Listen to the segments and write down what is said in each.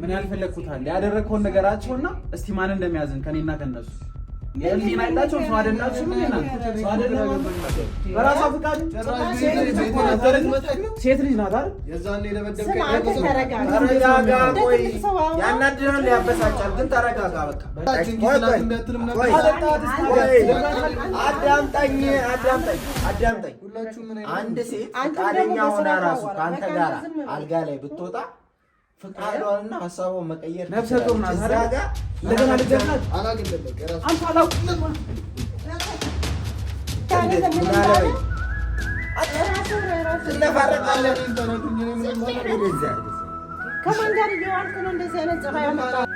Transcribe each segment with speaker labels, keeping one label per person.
Speaker 1: ምን ያልፈለግኩታል ያደረግከውን ነገራቸውና እስቲ ማን እንደሚያዝን ከኔና ከነሱ ይላቸው ሰው አደላችሁ በራሷ ፍቃድ ሴት ልጅ ናት
Speaker 2: ያናድናል፣ ያበሳጫል። ግን አዳምጠኝ፣ አዳምጠኝ፣ አንድ ሴት ፈቃደኛ ሆና ራሱ ከአንተ ጋር አልጋ ላይ ብትወጣ ፍቃዷንና ሀሳቧን መቀየር
Speaker 1: ነፍሰ ጡር ናት። እንደገና ልጅ ናት።
Speaker 3: ከማን ጋር እየዋልክ ነው እንደዚህ አይነት ፀባይ ያመጣው?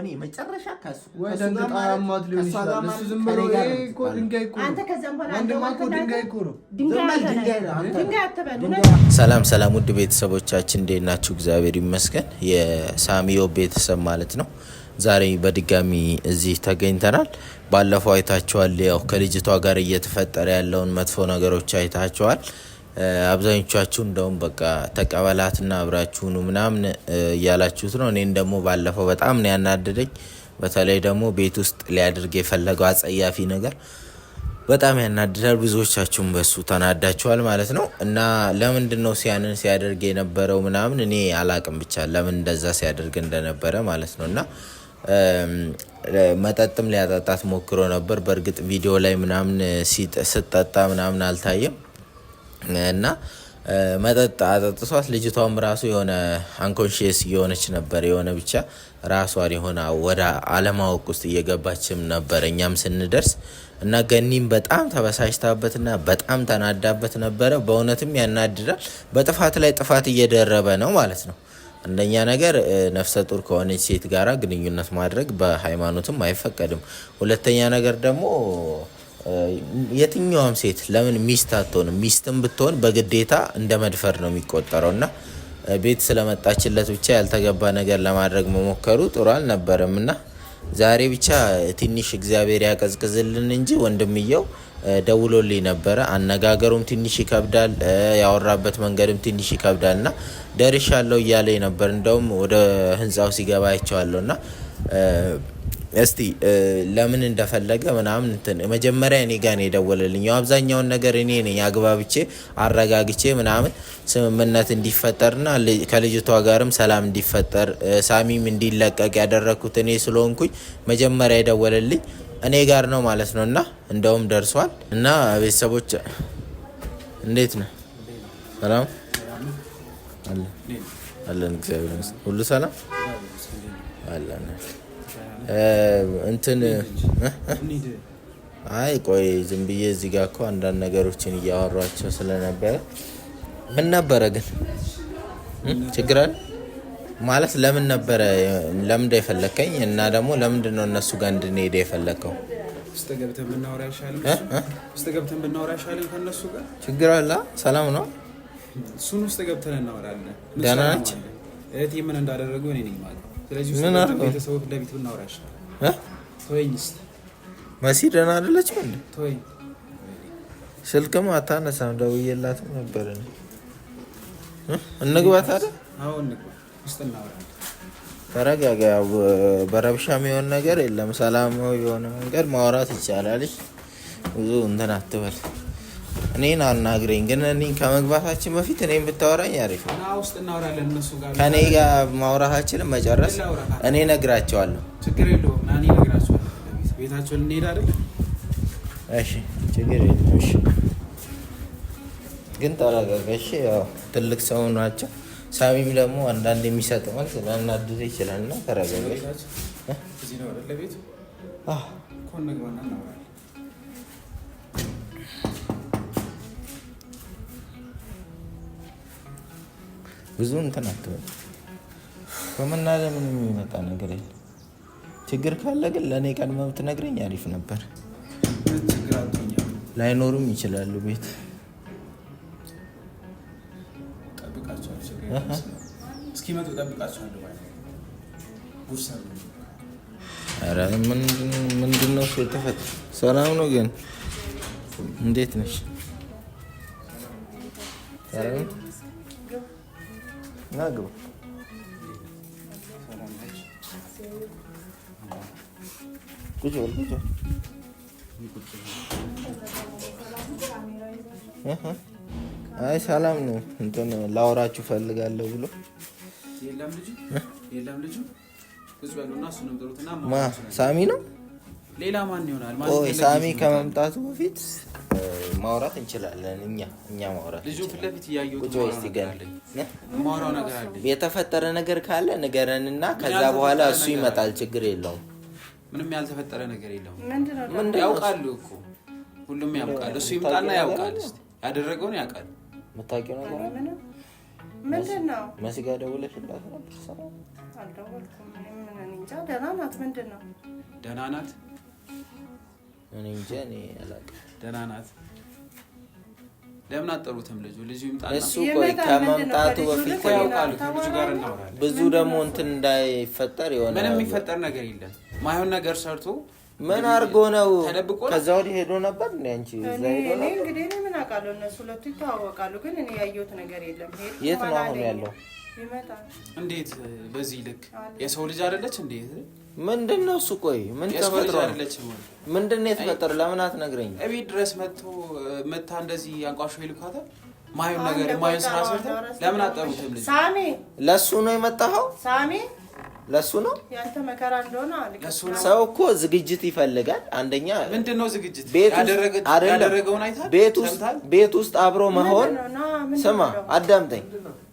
Speaker 2: እኔ መጨረሻ ከሱ ሰላም ሰላም፣ ውድ ቤተሰቦቻችን እንዴት ናችሁ? እግዚአብሔር ይመስገን። የሳሚዮ ቤተሰብ ማለት ነው። ዛሬ በድጋሚ እዚህ ተገኝተናል። ባለፈው አይታችኋል። ያው ከልጅቷ ጋር እየተፈጠረ ያለውን መጥፎ ነገሮች አይታችኋል። አብዛኞቻችሁ እንደውም በቃ ተቀበላትና አብራችሁኑ ምናምን እያላችሁት ነው። እኔን ደግሞ ባለፈው በጣም ነው ያናደደኝ። በተለይ ደግሞ ቤት ውስጥ ሊያደርግ የፈለገው አጸያፊ ነገር በጣም ያናድዳል። ብዙዎቻችሁም በሱ ተናዳችኋል ማለት ነው። እና ለምንድን ነው ሲያንን ሲያደርግ የነበረው ምናምን እኔ አላቅም፣ ብቻ ለምን እንደዛ ሲያደርግ እንደነበረ ማለት ነው። እና መጠጥም ሊያጠጣት ሞክሮ ነበር። በእርግጥ ቪዲዮ ላይ ምናምን ስጠጣ ምናምን አልታየም። እና መጠጥ አጠጥሷት ልጅቷም ራሱ የሆነ አንኮንሽስ እየሆነች ነበር። የሆነ ብቻ ራሷን የሆነ ወደ አለማወቅ ውስጥ እየገባችም ነበር። እኛም ስንደርስ እና ገኒም በጣም ተበሳጭታበትና በጣም ተናዳበት ነበረ። በእውነትም ያናድዳል። በጥፋት ላይ ጥፋት እየደረበ ነው ማለት ነው። አንደኛ ነገር ነፍሰ ጡር ከሆነች ሴት ጋራ ግንኙነት ማድረግ በሃይማኖትም አይፈቀድም። ሁለተኛ ነገር ደግሞ የትኛውም ሴት ለምን ሚስት አትሆንም? ሚስትም ብትሆን በግዴታ እንደ መድፈር ነው የሚቆጠረው እና ቤት ስለመጣችለት ብቻ ያልተገባ ነገር ለማድረግ መሞከሩ ጥሩ አልነበረም እና ዛሬ ብቻ ትንሽ እግዚአብሔር ያቀዝቅዝልን እንጂ ወንድምየው ደውሎልኝ ነበረ። አነጋገሩም ትንሽ ይከብዳል፣ ያወራበት መንገድም ትንሽ ይከብዳል እና ደርሻለሁ እያለኝ ነበር። እንደውም ወደ ህንፃው ሲገባ አይቼዋለሁ እና እስቲ ለምን እንደፈለገ ምናምን እንትን መጀመሪያ እኔ ጋር ነው የደወለልኝ። አብዛኛውን ነገር እኔ ነኝ አግባብቼ አረጋግቼ ምናምን ስምምነት እንዲፈጠርና ከልጅቷ ጋርም ሰላም እንዲፈጠር ሳሚም እንዲለቀቅ ያደረግኩት እኔ ስለሆንኩኝ መጀመሪያ የደወለልኝ እኔ ጋር ነው ማለት ነው። እና እንደውም ደርሷል። እና ቤተሰቦች እንዴት ነው? ሰላም አለን፣ እግዚአብሔር ይመስገን። ሁሉ ሰላም አለን። እንትን አይ ቆይ ዝም ብዬ እዚህ ጋር እኮ አንዳንድ ነገሮችን እያወሯቸው ስለነበረ ምን ነበረ ግን ችግራል ማለት ለምን ነበረ ለምንድ የፈለግከኝ እና ደግሞ ለምንድ ነው እነሱ ጋር እንድንሄደ የፈለከው? ችግር አለ ሰላም ነው።
Speaker 4: እሱን ውስጥ ገብተን እናወራለን። ደህና እህቴ ምን እንዳደረጉ እኔ ነኝ ማለት ስለዚህ ምን
Speaker 2: መሲ ደህና አይደለችም እንዴ? ተወኝ። ስልክም አታነሳም፣ ደውዬላትም ነበር ተረጋጋ። ያው በረብሻ የሚሆን ነገር የለም። ሰላማዊ የሆነ መንገድ ማውራት ይቻላል። ብዙ እንትን አትበል። እኔን አናግረኝ ግን እኔ ከመግባታችን በፊት እኔን ብታወራኝ አሪፍ ነው። ከእኔ ጋር ማውራታችንን መጨረስ እኔ እነግራቸዋለሁ። ችግር የለውም ግን ተረጋጋ። ያው ትልቅ ሰው ናቸው። ሳሚም ደግሞ አንዳንድ የሚሰጥ መልስ ሊያናድድ ይችላል እና ተረጋጋ። ብዙ እንትን አትበል። በመናገር ምንም የሚመጣ ነገር የለም። ችግር ካለ ግን ለእኔ ቀድመህ ብትነግረኝ አሪፍ ነበር። ላይኖሩም ይችላሉ ቤት ምንድነው እጠብቃቸዋለሁ። ሰላም ነው ግን እንዴት ነሽ? ና ግባ። ቁጭ በል ቁጭ አይ ሰላም ነው። እንትን ላወራችሁ ፈልጋለሁ ብሎ ሳሚ ነው። ሳሚ ከመምጣቱ በፊት ማውራት እንችላለን። እኛ እኛ ማውራት
Speaker 4: ልጁ ፊት ለፊት እያየሁት
Speaker 2: የተፈጠረ ነገር ካለ እና ከዛ በኋላ እሱ ይመጣል። ችግር የለውም።
Speaker 4: ምንም ያልተፈጠረ ነገር የለውም። ያውቃሉ እኮ ሁሉም ያውቃል። እሱ ይምጣና ያውቃል። እስኪ ያደረገውን ያውቃል።
Speaker 2: የምታውቂው ነገር ምንድን ነው? መሲ ጋር ደውለሽላት ነበር?
Speaker 3: ደህና ናት። ምንድን ነው?
Speaker 4: ደህና ናት እኔ ደህና ናት። ለምን አጠሩትም? ልጁ ልጁ
Speaker 2: ይምጣና እሱ ቆይ ከመምጣቱ በፊት ብዙ ደግሞ እንትን እንዳይፈጠር የሆነ
Speaker 4: ምንም የሚፈጠር ነገር የለም። ማይሆን ነገር ሰርቶ
Speaker 2: ምን አድርጎ ነው ከዛ ወዲህ ሄዶ ነበር እንደ አንቺ
Speaker 3: እዛ እንግዲህ እኔ ምን አውቃለሁ፣ እነሱ ሁለቱ ይተዋወቃሉ፣ ግን እኔ ያየሁት ነገር የለም።
Speaker 2: የት ነው አሁን ያለው?
Speaker 4: እንዴት በዚህ ልክ የሰው ልጅ አይደለች? እንዴት
Speaker 2: ምንድን ነው እሱ? ቆይ ምን ተፈጥሮ ምንድን ነው የተፈጠረ? ለምን አትነግረኝ?
Speaker 4: እቤት ድረስ መጥቶ መታ እንደዚህ አንቋሾ ይልኳታል። ነገር ስራ ሰርተ ለምን አጠሩትም?
Speaker 3: ልጅ ሳሚ፣
Speaker 2: ለሱ ነው የመጣኸው? ሳሚ፣ ለሱ ነው
Speaker 3: ያንተ መከራ እንደሆነ
Speaker 2: ሰው እኮ ዝግጅት ይፈልጋል። አንደኛ
Speaker 4: ምንድን ነው ዝግጅት?
Speaker 2: ቤት ውስጥ አብሮ መሆን። ስማ አዳምጠኝ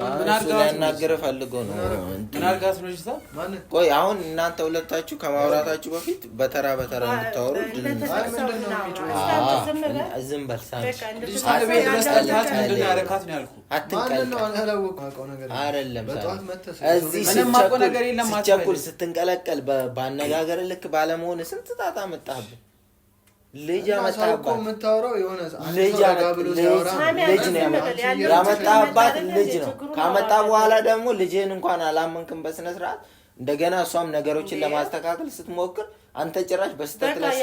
Speaker 2: ላናገረ ፈልገው ነው። ቆይ አሁን እናንተ ሁለታችሁ ከማውራታችሁ በፊት በተራ በተራ እንድታወሩ ዝም በል አትንቀልቀል። ስትንቀለቀል በአነጋገር ልክ ባለመሆን ስንት ጣጣ መጣብን። ልጅ
Speaker 4: ልጅ
Speaker 2: ነው ልጅ ነው። ካመጣ በኋላ ደግሞ ልጅህን እንኳን አላመንክም በስነ ስርዓት። እንደገና እሷም ነገሮችን ለማስተካከል ስትሞክር አንተ ጭራሽ በስተት ላይ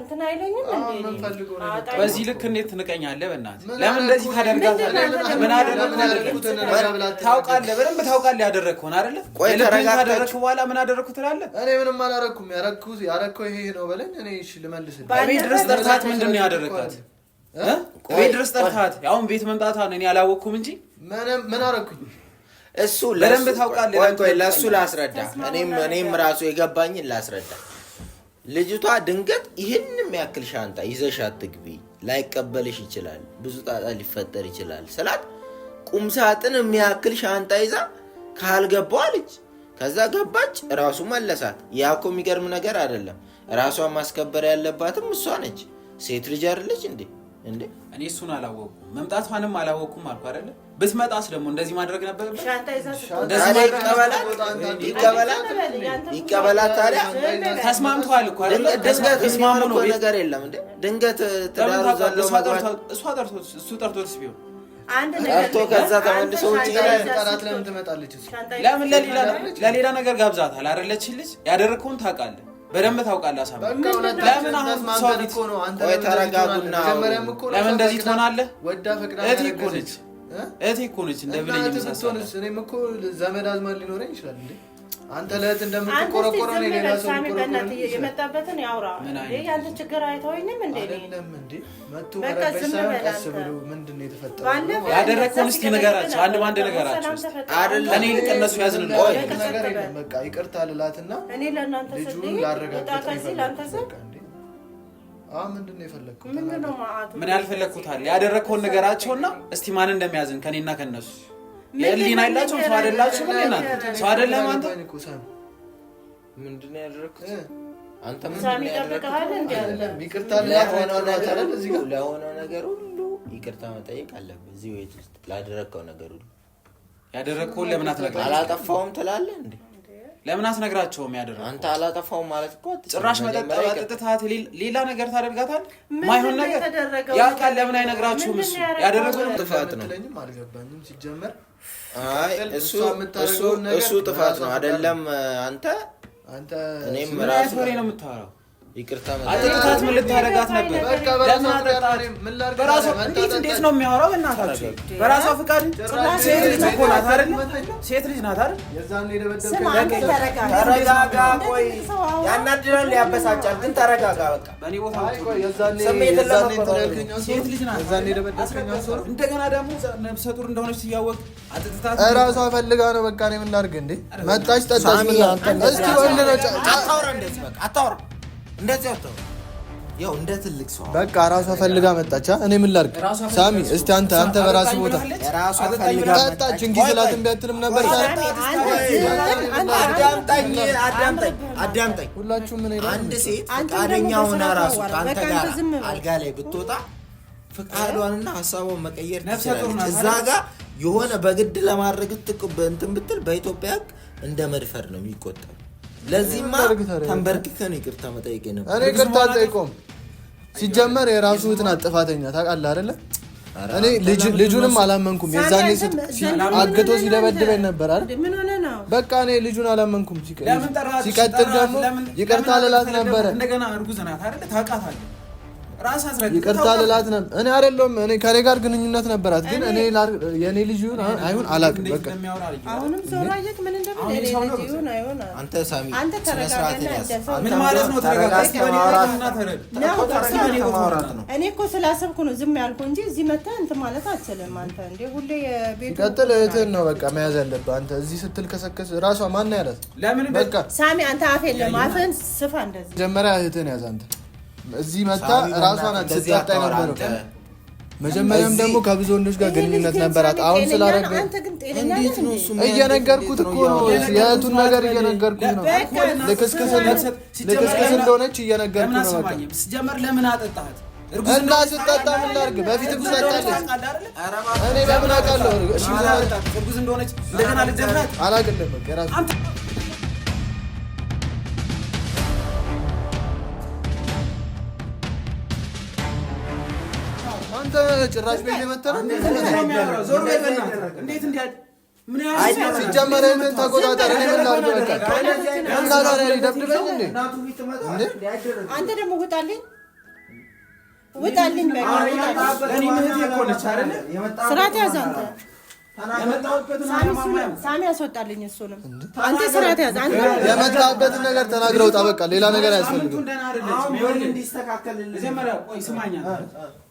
Speaker 3: እንትን አይለኝም።
Speaker 4: በዚህ ልክ እንዴት ትንቀኛለህ? በእናትህ ለምን እንደዚህ ታደርጋለህ? ምን አደረግህ? ታውቃለህ፣ በደንብ ታውቃለህ ያደረግከውን አይደለ? ቆይ ካደረግክ በኋላ ምን አደረግኩ ትላለህ? እኔ ምንም አላደረኩም። ያረግከው ይሄ ነው በለኝ። እኔ እሺ ልመልስ። ቤት ድረስ ጠርታት ምንድን ነው ያደረግካት? ቤት ድረስ ጠርታት አሁን ቤት መምጣቷን እኔ አላወቅኩም እንጂ ምን አደረግኩኝ?
Speaker 2: እሱ ለደንብ ታውቃለህ። ለእሱ ላስረዳ፣ እኔም ራሱ የገባኝን ላስረዳ ልጅቷ ድንገት ይህንም ያክል ሻንጣ ይዘሽ አትግቢ፣ ላይቀበልሽ ይችላል፣ ብዙ ጣጣ ሊፈጠር ይችላል ስላት ቁምሳጥን የሚያክል ሻንጣ ይዛ ካልገባ አለች። ከዛ ገባች፣ ራሱ መለሳት። ያኮ የሚገርም ነገር አይደለም። ራሷን ማስከበር ያለባትም እሷ ነች። ሴት ልጅ አይደለች እንዴ? እንዴ
Speaker 4: እኔ እሱን አላወቁ መምጣቷንም አላወኩም አልኩ አይደለም ብትመጣስ ደግሞ እንደዚህ ማድረግ ነበር።
Speaker 2: ይቀበላት ታዲያ ነገር የለም ድንገት እሱ ቢሆን ከዛ ተመልሶ ውጭ
Speaker 4: ለምን ትመጣለች? ለምን ለሌላ ነገር ጋብዛታል አይደለችን? ልጅ ያደረግከውን ታውቃለህ በደንብ ታውቃለህ። አሳብ
Speaker 2: ለምን አሁን ሰው ለምን
Speaker 4: እንደዚህ ትሆናለህ? እህቴ እኮ ነች እህቴ እኮ ነች። እኔም እኮ ዘመድ አዝማድ ሊኖረኝ ይችላል። አንተ ለእህት
Speaker 3: ሌላ ሰው የመጣበትን ያውራ። ያንተ ችግር አይተወኝም። ምንድን
Speaker 4: ነው የተፈጠረው? ያደረግከውን እስኪ ንገራቸው። አንድ በአንድ ንገራቸው። እኔ ልቅ እነሱ ያዝን ነገር የለም። በቃ ይቅርታ ልላትና
Speaker 3: ላረጋግጥ
Speaker 4: ምንድን ነው የፈለግኩት? ምን ያልፈለግኩታል? ያደረግከውን ነገራቸውና እስቲ ማን እንደሚያዝን ከኔና ከነሱ የህሊና የላቸውም። ሰው አይደላችሁ? ምን ሰው አይደለም። አንተ ምንድን ያደረግኩት? አንተ ይቅርታ
Speaker 2: ለሆነው ነገር ሁሉ ይቅርታ መጠየቅ አለብህ። እዚህ ቤት ውስጥ ላደረግከው ነገር ሁሉ
Speaker 4: ያደረግከውን ለምን አትነግረኝ?
Speaker 2: አላጠፋውም ትላለህ እንዴ?
Speaker 4: ለምን አስነግራቸው ያደረገው
Speaker 2: አንተ አላጠፋው ማለት እኮ ጭራሽ መጠጣት ሌላ ነገር ታደርጋታል። ማይሆን ነገር ያውቃል። ለምን አይነግራችሁም? እሱ ያደረገው ጥፋት ነው። አልገባኝም ሲጀመር። አይ እሱ እሱ ጥፋት ነው አይደለም አንተ አንተ እኔም ራሱ ነው የምታወራው ይቅርታ አጠጥታት ምን ልታረጋት ነበር? በራሷ እንዴት እንዴት ነው የሚያወራው? በእናታችሁ በራሷ ፍቃድ ሴት ልጅ እኮ ናት አይደል? ሴት ልጅ ናት አይደል? ተረጋጋ። ቆይ ያናድራል፣ ያበሳጫል፣ ግን ተረጋጋ። በቃ ሴት ልጅ ናት። እንደገና ደግሞ ነብሰ ጡር እንደሆነች ሲያወቅ አጠጥታት ራሷ ፈልጋ ነው። በቃ እኔ ምን ላድርግ እንዴ? መጣች፣ ጠጣች። ምን አንተ እስኪ ወንድ ነው። አታውራ እንደዚህ በቃ አታውራ እንደዚህ ያው እንደ ትልቅ ሰው በቃ ራሷ ፈልጋ መጣች። እኔ ምን ላድርግ ሳሚ? እስቲ አንተ አንተ በራስህ ቦታ ጠጣች እንጂ ስላት እምቢ ነበር። አዳምጠኝ። ሁላችሁም አንድ ሴት ፈቃደኛ ሆና ራሱ ከአንተ ጋር አልጋ ላይ ብትወጣ ፍቃዷንና ሀሳቧን መቀየር ትችላለች። እዛ ጋር የሆነ በግድ ለማድረግ እንትን ብትል በኢትዮጵያ ሕግ እንደ መድፈር ነው የሚቆጠሩ ለዚህማ ተንበርክከን ይቅርታ መጠየቅ ነበር። እኔ ይቅርታ አልጠይቀውም። ሲጀመር የራሱ እህት ጥፋተኛ። ታውቃለህ አይደለ? እኔ ልጁንም አላመንኩም። የዛኔ ስት አግቶ ሲደበድበኝ ነበር አይደል? በቃ እኔ ልጁን አላመንኩም። ሲቀጥል ደግሞ ይቅርታ ልላት ነበረ። እንደገና እርጉዝ ናት አይደለ? ታውቃታለህ ይቅርታ ልላት ነበር። እኔ አይደለም እኔ ጋር ግንኙነት ነበራት፣ ግን እኔ የኔ ልጅ ይሁን አይሁን አላውቅም። በቃ አንተ ሳሚ ምን ማለት ነው? እኔ እኮ ስላሰብኩ ነው ዝም ያልኩ እንጂ እዚህ መተህ እንትን ማለት አንተ እንደ ሁሌ የቤቱ ቀጥል እህትህን ነው በቃ መያዝ ያለብህ አንተ። እዚህ ስትል ከሰከስ ማን ለምን በቃ ሳሚ አንተ አፍ የለም አፍህን ስፋ እንደዚህ መጀመሪያ እህትህን ያዝ አንተ እዚህ መታ ራሷን ናት ነበር። መጀመሪያም ደግሞ ከብዙ ወንዶች ጋር ግንኙነት ነበራት። አሁን ስላረገ እየነገርኩት እኮ ነው። የእህቱን ነገር እየነገርኩት ነው። ልክስክስ እንደሆነች እየነገርኩት ነው። ስጀመር ለምን አጠጣት እና ስጠጣ ምን ላድርግ? በፊት እርጉዝ አውቃለች። እኔ ለምን አውቃለሁ? እሺ አላቅም። አንተ ጭራሽ ቤት የመተረ ዞር በይ በእናትህ። እንዴት እንዲያ አንተ ደግሞ ውጣልኝ ውጣልኝ። ስርዓት ያዝ አንተ ሳሚ ያስወጣልኝ። እሱንም አንተ ስርዓት ያዝ። የመጣበትን ነገር ተናግረው ውጣ። በቃ ሌላ ነገር አያስፈልግም።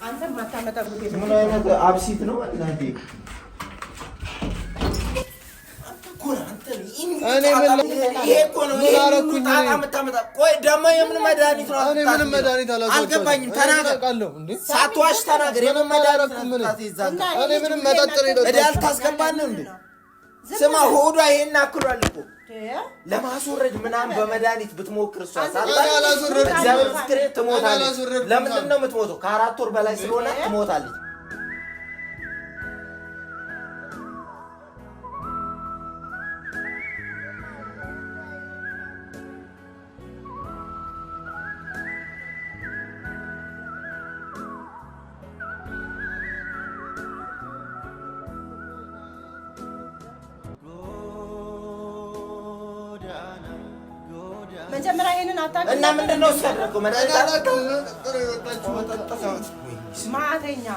Speaker 2: ምን አይነት አብሲት ነው? ቆይ ደግሞ የምን መድኃኒት ነው? አልገባኝም። ሳትዋሽ ተናገር። የምን መድኃኒት ነው? እኔ ምንም መጠጥ ነው። ታስገባን እንዴ? ስማ ሆዷ ይሄን አክሏል እኮ ለማስወረድ ምናምን በመድኃኒት ብትሞክር እሷ ሳታል ፍቅሬ ትሞታለች። ለምንድን ነው የምትሞተው? ከአራት ወር በላይ ስለሆነ ትሞታለች። መጀመሪያ ይሄንን አታውቅም እና ምንድን ነው ሲያደርገው ማዕተኛ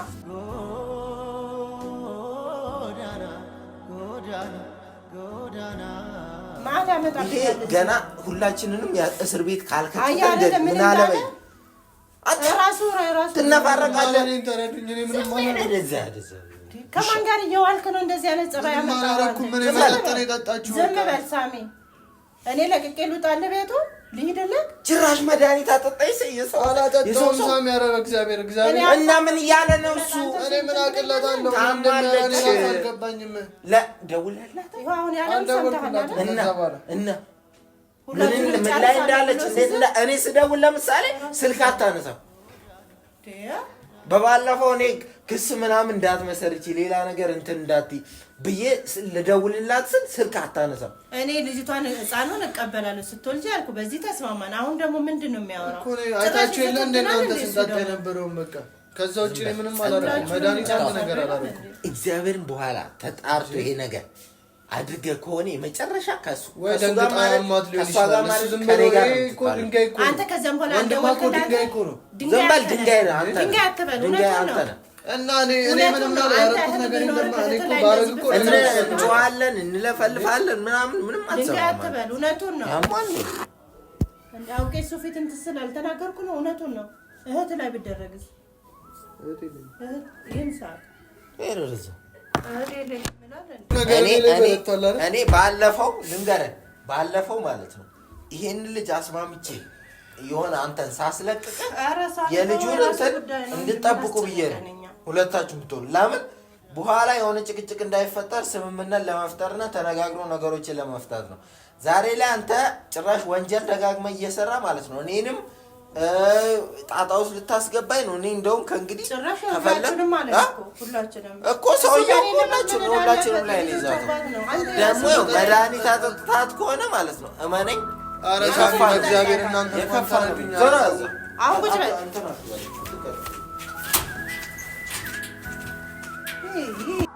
Speaker 2: ይሄ ገና ሁላችንንም እስር ቤት ካልከት ጋር እየዋልክ ነው እንደዚህ አይነት ጸባይ ያመጣ? ዝም በል ሳሚ። እኔ ለቅቄ ልውጣልህ ቤቱ ልሄደለን ጭራሽ መድኃኒት አጠጣኝ። ሳሚ እግዚአብሔር እና ምን እያለ ነው እሱ? እኔ ምን አቅለታለሁ? አልገባኝም። እና ምን ላይ እንዳለች እኔ ስደውል ለምሳሌ ስልክ በባለፈው እኔ ክስ ምናምን እንዳትመሰርች ሌላ ነገር እንትን እንዳትይ ብዬ ልደውልላት ስል ስልክ አታነሳም። እኔ ልጅቷን ህፃኑን እቀበላለሁ ስትወልጅ አልኩ። በዚህ ተስማማን። አሁን ደግሞ ምንድን ነው የሚያወራው? አይታችሁ የለ እንደናንተ ስንጣጣ የነበረውን በቃ ከዛ ውጭ ምንም አላደረኩም። መድኃኒት አንድ ነገር አላደረኩም። እግዚአብሔርን በኋላ ተጣርቶ ይሄ ነገር አድርገ ከሆነ የመጨረሻ ከሱ አንተ ከዚያም በኋላ ድንጋይ ድንጋይ እና እንለፈልፋለን ምናምን ምንም አትበል። እውነቱን ነው። አውቄ እሱ ፊት እንትን ስል አልተናገርኩ ነው። እውነቱን ነው። እህት ላይ ብትደረግስ እኔ ባለፈው ልንገረን፣ ባለፈው ማለት ነው ይሄንን ልጅ አስማምቼ የሆነ አንተን ሳስለቅቅ የልጁን እንትን እንድጠብቁ ብዬ ነው ሁለታችሁ ብትሆኑ። ለምን በኋላ የሆነ ጭቅጭቅ እንዳይፈጠር ስምምነት ለመፍጠርና ተነጋግሮ ነገሮችን ለመፍታት ነው። ዛሬ ላይ አንተ ጭራሽ ወንጀል ደጋግመ እየሰራ ማለት ነው። እኔንም ጣጣ ውስጥ ልታስገባኝ ነው። እኔ እንደውም ከእንግዲህ እኮ ሰውዬው ሁላችን ሁላችንም ላይ ነው። ደግሞ መድኃኒት አጠጥታት ከሆነ ማለት ነው እመነኝ፣ እግዚአብሔር እናንተ Hey, hey.